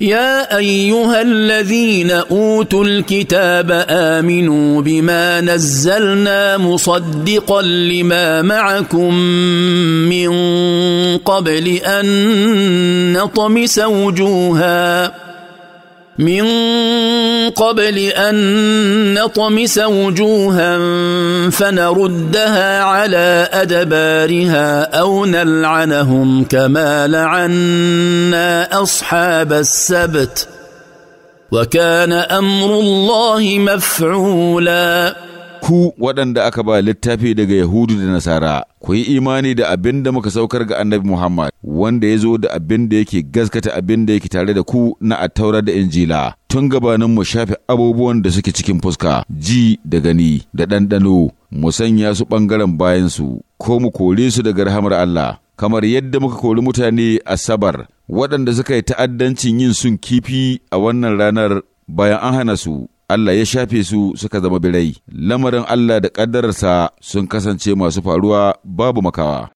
يا ايها الذين اوتوا الكتاب امنوا بما نزلنا مصدقا لما معكم من قبل ان نطمس وجوها من قبل ان نطمس وجوها فنردها على ادبارها او نلعنهم كما لعنا اصحاب السبت وكان امر الله مفعولا Ku waɗanda aka ba littafi daga Yahudu da Nasara, ku yi imani da abin da muka saukar ga annabi Muhammad, wanda ya zo da abin da yake gaskata abin da yake tare da ku na a taura da Injila, tun gabanin mu shafe abubuwan da suke cikin fuska, ji da gani da ɗanɗano, mu sanya su ɓangaren bayansu, ko mu kore su daga rahamar Allah. kamar yadda muka kori mutane a sabar waɗanda suka yi ta'addancin yin sun kifi a wannan ranar bayan an hana su Allah ya shafe su suka zama birai, lamarin Allah da ƙaddararsa sun kasance masu faruwa babu makawa.